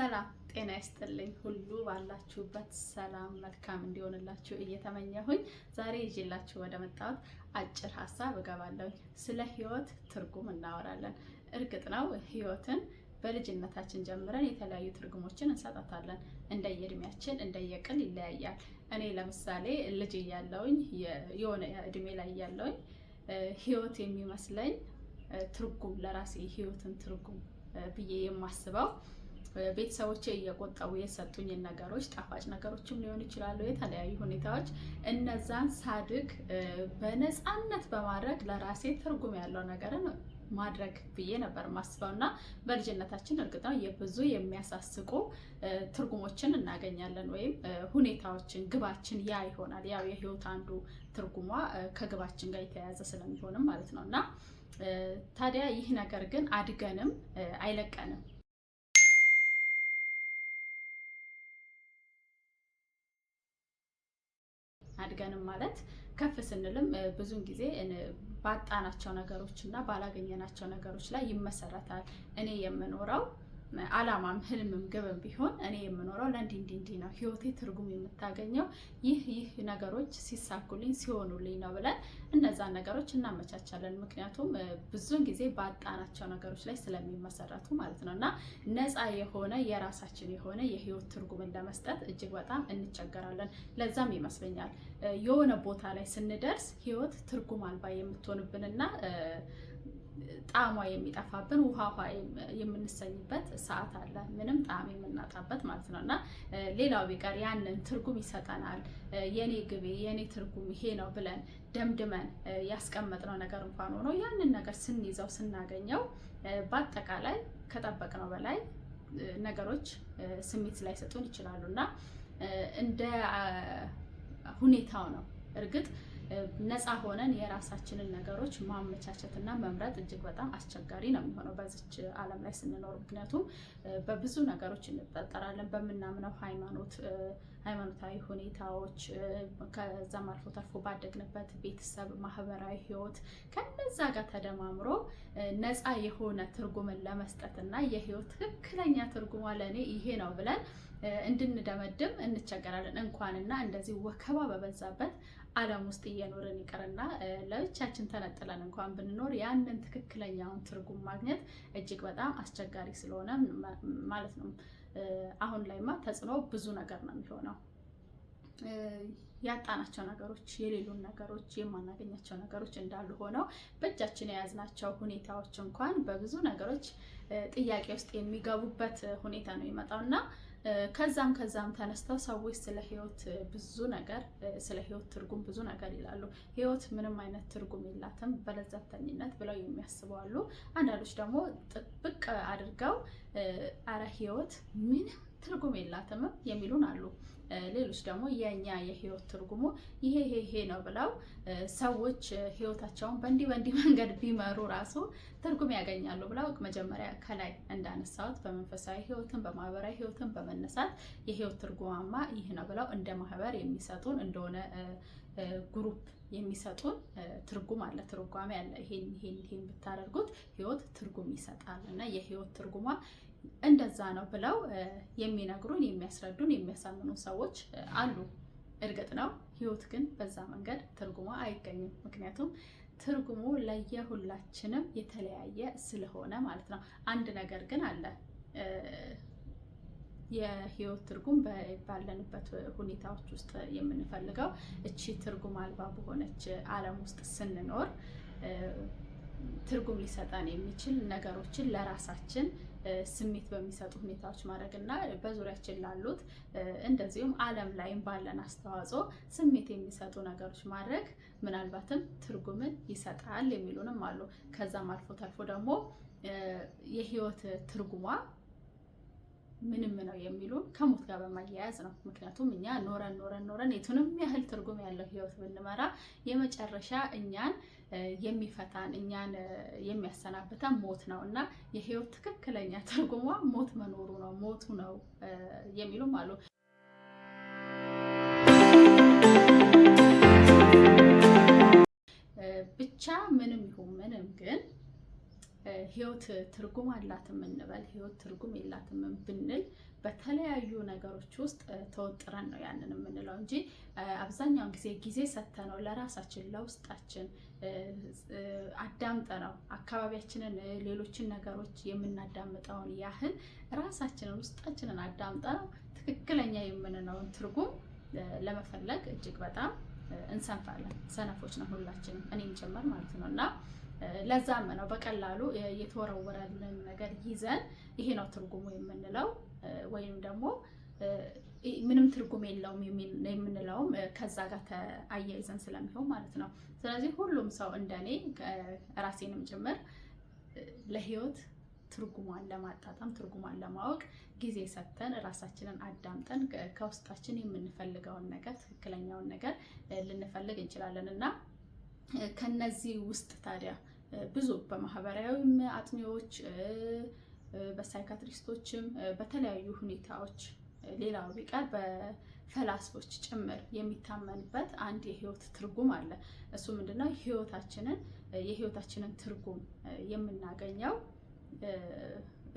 ሰላም ጤና ይስጥልኝ ሁሉ ባላችሁበት ሰላም መልካም እንዲሆንላችሁ እየተመኘሁኝ ዛሬ ይዤላችሁ ወደ መጣሁት አጭር ሀሳብ እገባለሁኝ። ስለ ህይወት ትርጉም እናወራለን። እርግጥ ነው ህይወትን በልጅነታችን ጀምረን የተለያዩ ትርጉሞችን እንሰጣታለን። እንደየእድሜያችን እንደየቅል ይለያያል። እኔ ለምሳሌ ልጅ እያለውኝ የሆነ እድሜ ላይ እያለውኝ ህይወት የሚመስለኝ ትርጉም ለራሴ ህይወትን ትርጉም ብዬ የማስበው ቤተሰቦቼ እየቆጠቡ የሰጡኝን ነገሮች ጣፋጭ ነገሮችም ሊሆን ይችላሉ፣ የተለያዩ ሁኔታዎች እነዛን ሳድግ በነፃነት በማድረግ ለራሴ ትርጉም ያለው ነገርን ማድረግ ብዬ ነበር ማስበው እና በልጅነታችን እርግጥ ነው የብዙ የሚያሳስቁ ትርጉሞችን እናገኛለን፣ ወይም ሁኔታዎችን ግባችን ያ ይሆናል። ያው የህይወት አንዱ ትርጉሟ ከግባችን ጋር የተያያዘ ስለሚሆንም ማለት ነው እና ታዲያ ይህ ነገር ግን አድገንም አይለቀንም አድገንም ማለት ከፍ ስንልም ብዙን ጊዜ ባጣናቸው ነገሮች እና ባላገኘናቸው ነገሮች ላይ ይመሰረታል። እኔ የምኖረው አላማም ህልምም ግብም ቢሆን እኔ የምኖረው ለእንዲህ እንዲህ ነው፣ ህይወቴ ትርጉም የምታገኘው ይህ ይህ ነገሮች ሲሳኩልኝ ሲሆኑልኝ ነው ብለን እነዛን ነገሮች እናመቻቻለን። ምክንያቱም ብዙን ጊዜ ባጣናቸው ነገሮች ላይ ስለሚመሰረቱ ማለት ነው እና ነፃ የሆነ የራሳችን የሆነ የህይወት ትርጉምን ለመስጠት እጅግ በጣም እንቸገራለን። ለዛም ይመስለኛል የሆነ ቦታ ላይ ስንደርስ ህይወት ትርጉም አልባ የምትሆንብንና ጣዕሟ የሚጠፋብን ውሃ ውሃ የምንሰኝበት ሰዓት አለ፣ ምንም ጣዕም የምናጣበት ማለት ነው። እና ሌላው ቢቀር ያንን ትርጉም ይሰጠናል። የኔ ግቤ የኔ ትርጉም ይሄ ነው ብለን ደምድመን ያስቀመጥነው ነገር እንኳን ሆኖ ያንን ነገር ስንይዘው ስናገኘው በአጠቃላይ ከጠበቅነው በላይ ነገሮች ስሜት ላይ ሰጡን ይችላሉ እና እንደ ሁኔታው ነው እርግጥ ነፃ ሆነን የራሳችንን ነገሮች ማመቻቸት እና መምረጥ እጅግ በጣም አስቸጋሪ ነው የሚሆነው በዚች ዓለም ላይ ስንኖር። ምክንያቱም በብዙ ነገሮች እንጠጠራለን። በምናምነው ሃይማኖት፣ ሃይማኖታዊ ሁኔታዎች፣ ከዛም አልፎ ተርፎ ባደግንበት ቤተሰብ፣ ማህበራዊ ህይወት ከነዛ ጋር ተደማምሮ ነፃ የሆነ ትርጉምን ለመስጠት እና የህይወት ትክክለኛ ትርጉሟ ለእኔ ይሄ ነው ብለን እንድንደመድም እንቸገራለን። እንኳንና እንደዚህ ወከባ በበዛበት ዓለም ውስጥ እየኖርን ይቅርና ለብቻችን ተነጥለን እንኳን ብንኖር ያንን ትክክለኛውን ትርጉም ማግኘት እጅግ በጣም አስቸጋሪ ስለሆነ ማለት ነው። አሁን ላይማ ተጽዕኖ ብዙ ነገር ነው የሚሆነው። ያጣናቸው ነገሮች፣ የሌሉን ነገሮች፣ የማናገኛቸው ነገሮች እንዳሉ ሆነው በእጃችን የያዝናቸው ሁኔታዎች እንኳን በብዙ ነገሮች ጥያቄ ውስጥ የሚገቡበት ሁኔታ ነው ይመጣውና ከዛም ከዛም ተነስተው ሰዎች ስለ ህይወት ብዙ ነገር ስለ ህይወት ትርጉም ብዙ ነገር ይላሉ። ህይወት ምንም አይነት ትርጉም የላትም በለዘተኝነት ብለው የሚያስቡ አሉ። አንዳንዶች ደግሞ ጥብቅ አድርገው አረ ህይወት ምንም ትርጉም የላትምም የሚሉን አሉ። ሌሎች ደግሞ የእኛ የህይወት ትርጉሙ ይሄ ይሄ ይሄ ነው ብለው ሰዎች ህይወታቸውን በእንዲህ በእንዲህ መንገድ ቢመሩ ራሱ ትርጉም ያገኛሉ ብለው መጀመሪያ ከላይ እንዳነሳሁት በመንፈሳዊ ህይወትን በማህበራዊ ህይወትን በመነሳት የህይወት ትርጉማማ ይህ ነው ብለው እንደ ማህበር የሚሰጡን እንደሆነ ግሩፕ የሚሰጡን ትርጉም አለ፣ ትርጓሜ አለ። ይሄን ይሄን ይሄን ብታደርጉት ህይወት ትርጉም ይሰጣል እና የህይወት ትርጉሟ እንደዛ ነው ብለው የሚነግሩን የሚያስረዱን የሚያሳምኑ ሰዎች አሉ። እርግጥ ነው ህይወት ግን በዛ መንገድ ትርጉሟ አይገኝም። ምክንያቱም ትርጉሙ ለየሁላችንም የተለያየ ስለሆነ ማለት ነው። አንድ ነገር ግን አለ የህይወት ትርጉም ባለንበት ሁኔታዎች ውስጥ የምንፈልገው እቺ ትርጉም አልባ በሆነች ዓለም ውስጥ ስንኖር ትርጉም ሊሰጠን የሚችል ነገሮችን ለራሳችን ስሜት በሚሰጡ ሁኔታዎች ማድረግ እና በዙሪያችን ላሉት እንደዚሁም ዓለም ላይም ባለን አስተዋጽኦ ስሜት የሚሰጡ ነገሮች ማድረግ ምናልባትም ትርጉምን ይሰጣል የሚሉንም አሉ። ከዛም አልፎ ተርፎ ደግሞ የህይወት ትርጉሟ ምንም ነው የሚሉን ከሞት ጋር በማያያዝ ነው። ምክንያቱም እኛ ኖረን ኖረን ኖረን የቱንም ያህል ትርጉም ያለው ህይወት ብንመራ የመጨረሻ እኛን የሚፈታን እኛን የሚያሰናብተን ሞት ነው እና የህይወት ትክክለኛ ትርጉሟ ሞት መኖሩ ነው፣ ሞቱ ነው የሚሉም አሉ። ብቻ ምንም ይሁን ምንም ግን ህይወት ትርጉም አላትም እንበል፣ ህይወት ትርጉም የላትም ብንል በተለያዩ ነገሮች ውስጥ ተወጥረን ነው ያንን የምንለው እንጂ አብዛኛውን ጊዜ ጊዜ ሰተነው ለራሳችን ለውስጣችን አዳምጠነው አካባቢያችንን፣ ሌሎችን ነገሮች የምናዳምጠውን ያህል ራሳችንን ውስጣችንን አዳምጠነው ትክክለኛ የምንለውን ትርጉም ለመፈለግ እጅግ በጣም እንሰንፋለን። ሰነፎች ነው ሁላችንም እኔም ጭምር ማለት ነው እና ለዛም ነው በቀላሉ የተወረወረልን ነገር ይዘን ይሄ ነው ትርጉሙ የምንለው ወይም ደግሞ ምንም ትርጉም የለውም የምንለውም ከዛ ጋር ተአያይዘን ስለሚሆን ማለት ነው። ስለዚህ ሁሉም ሰው እንደኔ ራሴንም ጭምር ለህይወት ትርጉሟን ለማጣጣም ትርጉሟን ለማወቅ ጊዜ ሰጥተን ራሳችንን አዳምጠን ከውስጣችን የምንፈልገውን ነገር ትክክለኛውን ነገር ልንፈልግ እንችላለን እና ከነዚህ ውስጥ ታዲያ ብዙ በማህበራዊም አጥኚዎች በሳይካትሪስቶችም በተለያዩ ሁኔታዎች ሌላው ቢቀር በፈላስፎች ጭምር የሚታመንበት አንድ የህይወት ትርጉም አለ። እሱ ምንድነው? ህይወታችንን የህይወታችንን ትርጉም የምናገኘው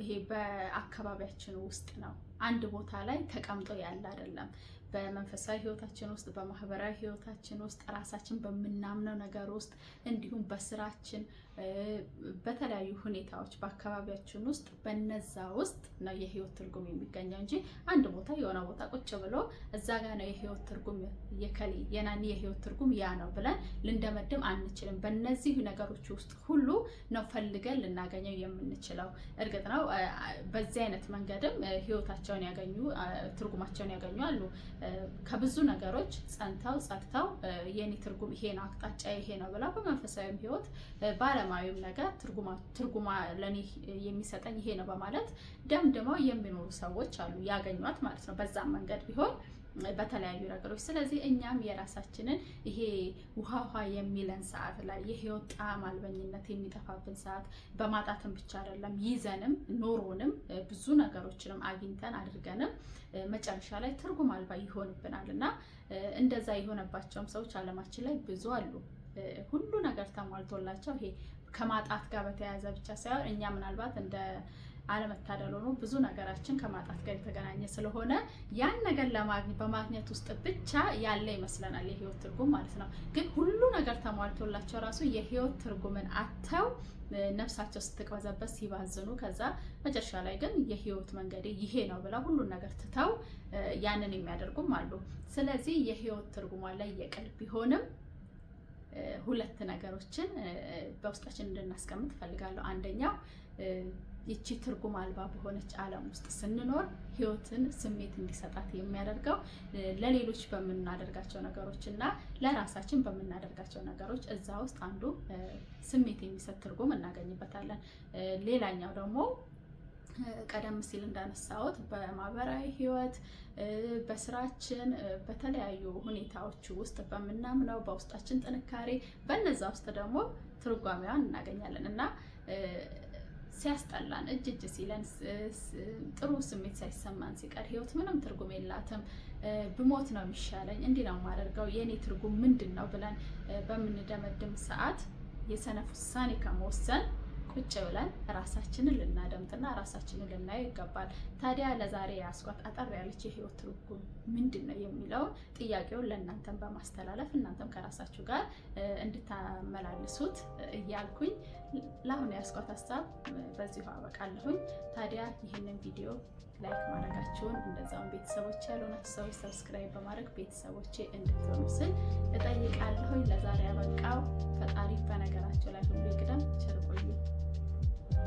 ይሄ በአካባቢያችን ውስጥ ነው። አንድ ቦታ ላይ ተቀምጦ ያለ አይደለም። በመንፈሳዊ ህይወታችን ውስጥ በማህበራዊ ህይወታችን ውስጥ ራሳችን በምናምነው ነገር ውስጥ እንዲሁም በስራችን፣ በተለያዩ ሁኔታዎች በአካባቢያችን ውስጥ በነዛ ውስጥ ነው የህይወት ትርጉም የሚገኘው እንጂ አንድ ቦታ የሆነ ቦታ ቁጭ ብሎ እዛ ጋር ነው የህይወት ትርጉም የከሌ የናኒ የህይወት ትርጉም ያ ነው ብለን ልንደመድም አንችልም። በነዚህ ነገሮች ውስጥ ሁሉ ነው ፈልገን ልናገኘው የምንችለው። እርግጥ ነው በዚህ አይነት መንገድም ህይወታቸውን ያገኙ ትርጉማቸውን ያገኙ አሉ። ከብዙ ነገሮች ጸንተው ጸግተው የኔ ትርጉም ይሄ ነው፣ አቅጣጫ ይሄ ነው ብላ በመንፈሳዊም ህይወት በአለማዊም ነገር ትርጉማ ለኔ የሚሰጠኝ ይሄ ነው በማለት ደምድመው የሚኖሩ ሰዎች አሉ። ያገኟት ማለት ነው። በዛም መንገድ ቢሆን በተለያዩ ነገሮች። ስለዚህ እኛም የራሳችንን ይሄ ውሃ ውሃ የሚለን ሰዓት ላይ የህይወት ጣዕም አልበኝነት የሚጠፋብን ሰዓት በማጣትም ብቻ አይደለም ይዘንም ኖሮንም ብዙ ነገሮችንም አግኝተን አድርገንም መጨረሻ ላይ ትርጉም አልባ ይሆንብናል እና እንደዛ የሆነባቸውም ሰዎች አለማችን ላይ ብዙ አሉ። ሁሉ ነገር ተሟልቶላቸው ይሄ ከማጣት ጋር በተያያዘ ብቻ ሳይሆን እኛ ምናልባት እንደ አለመታደል ነው። ብዙ ነገራችን ከማጣት ጋር የተገናኘ ስለሆነ ያን ነገር ለማግኘት በማግኘት ውስጥ ብቻ ያለ ይመስለናል የህይወት ትርጉም ማለት ነው። ግን ሁሉ ነገር ተሟልቶላቸው ራሱ የህይወት ትርጉምን አተው ነፍሳቸው ስትቅበዘበት ሲባዝኑ፣ ከዛ መጨረሻ ላይ ግን የህይወት መንገዴ ይሄ ነው ብለው ሁሉን ነገር ትተው ያንን የሚያደርጉም አሉ። ስለዚህ የህይወት ትርጉሟ ላይ የቅል ቢሆንም ሁለት ነገሮችን በውስጣችን እንድናስቀምጥ እፈልጋለሁ። አንደኛው ይቺ ትርጉም አልባ በሆነች ዓለም ውስጥ ስንኖር ህይወትን ስሜት እንዲሰጣት የሚያደርገው ለሌሎች በምናደርጋቸው ነገሮች እና ለራሳችን በምናደርጋቸው ነገሮች እዛ ውስጥ አንዱ ስሜት የሚሰጥ ትርጉም እናገኝበታለን። ሌላኛው ደግሞ ቀደም ሲል እንዳነሳሁት በማህበራዊ ህይወት፣ በስራችን፣ በተለያዩ ሁኔታዎች ውስጥ በምናምነው በውስጣችን ጥንካሬ፣ በነዛ ውስጥ ደግሞ ትርጓሜዋን እናገኛለን እና ሲያስጠላን እጅ እጅ ሲለን ጥሩ ስሜት ሳይሰማን ሲቀር ህይወት ምንም ትርጉም የላትም፣ ብሞት ነው የሚሻለኝ፣ እንዲህ ነው የማደርገው፣ የእኔ ትርጉም ምንድን ነው ብለን በምንደመድም ሰዓት የሰነፍ ውሳኔ ከመወሰን ቁጭ ብለን ራሳችንን ልናደምጥና ራሳችንን ልናየው ይገባል። ታዲያ ለዛሬ ያስኳት አጠር ያለች የህይወት ትርጉም ምንድን ነው የሚለውን ጥያቄውን ለእናንተም በማስተላለፍ እናንተም ከራሳችሁ ጋር እንድታመላልሱት እያልኩኝ ለአሁኑ ያስኳት ሀሳብ በዚሁ አበቃለሁኝ። ታዲያ ይህንን ቪዲዮ ላይክ ማድረጋችሁን እንደዛውን ቤተሰቦች ያልሆናችሁ ሰዎች ሰብስክራይብ በማድረግ ቤተሰቦቼ እንድትሆኑ ስል እጠይቃለሁኝ። ለዛሬ ያበቃው ፈጣሪ በነገራቸው ላይ ሁሉ ይቅደም። ቸር ቆዩ።